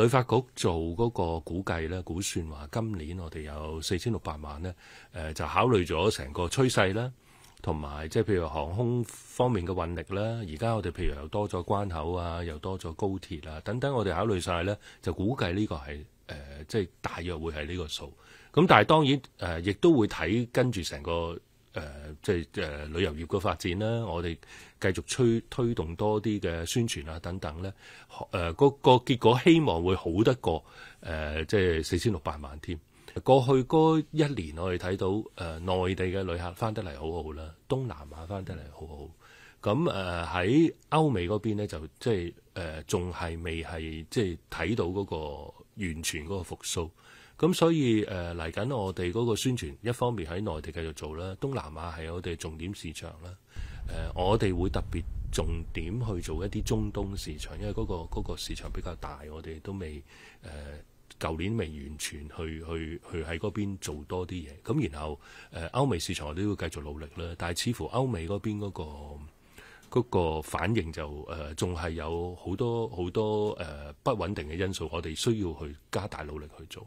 旅發局做嗰個估計咧，估算，話今年我哋有四千六百萬咧，誒、呃、就考慮咗成個趨勢啦，同埋即係譬如航空方面嘅運力啦，而家我哋譬如又多咗關口啊，又多咗高鐵啊等等，我哋考慮晒咧，就估計呢個係誒即係大約會係呢個數。咁但係當然誒，亦、呃、都會睇跟住成個。誒、呃、即係誒、呃、旅遊業嘅發展啦，我哋繼續推推動多啲嘅宣傳啊等等咧，誒嗰個結果希望會好得過誒、呃、即係四千六百萬添。過去嗰一年我哋睇到誒、呃、內地嘅旅客翻得嚟好好啦，東南亞翻得嚟好好。咁誒喺歐美嗰邊咧就即係誒仲係未係即係睇到嗰個完全嗰個復甦。咁所以誒嚟緊，我哋嗰個宣傳一方面喺內地繼續做啦。東南亞係我哋重點市場啦。誒，我哋會特別重點去做一啲中東市場，因為嗰個嗰個市場比較大，我哋都未誒舊年，未完全去去去喺嗰邊做多啲嘢。咁然後歐美市場我哋都要繼續努力啦。但係似乎歐美嗰邊嗰個嗰個反應就誒仲係有好多好多誒不穩定嘅因素，我哋需要去加大努力去做。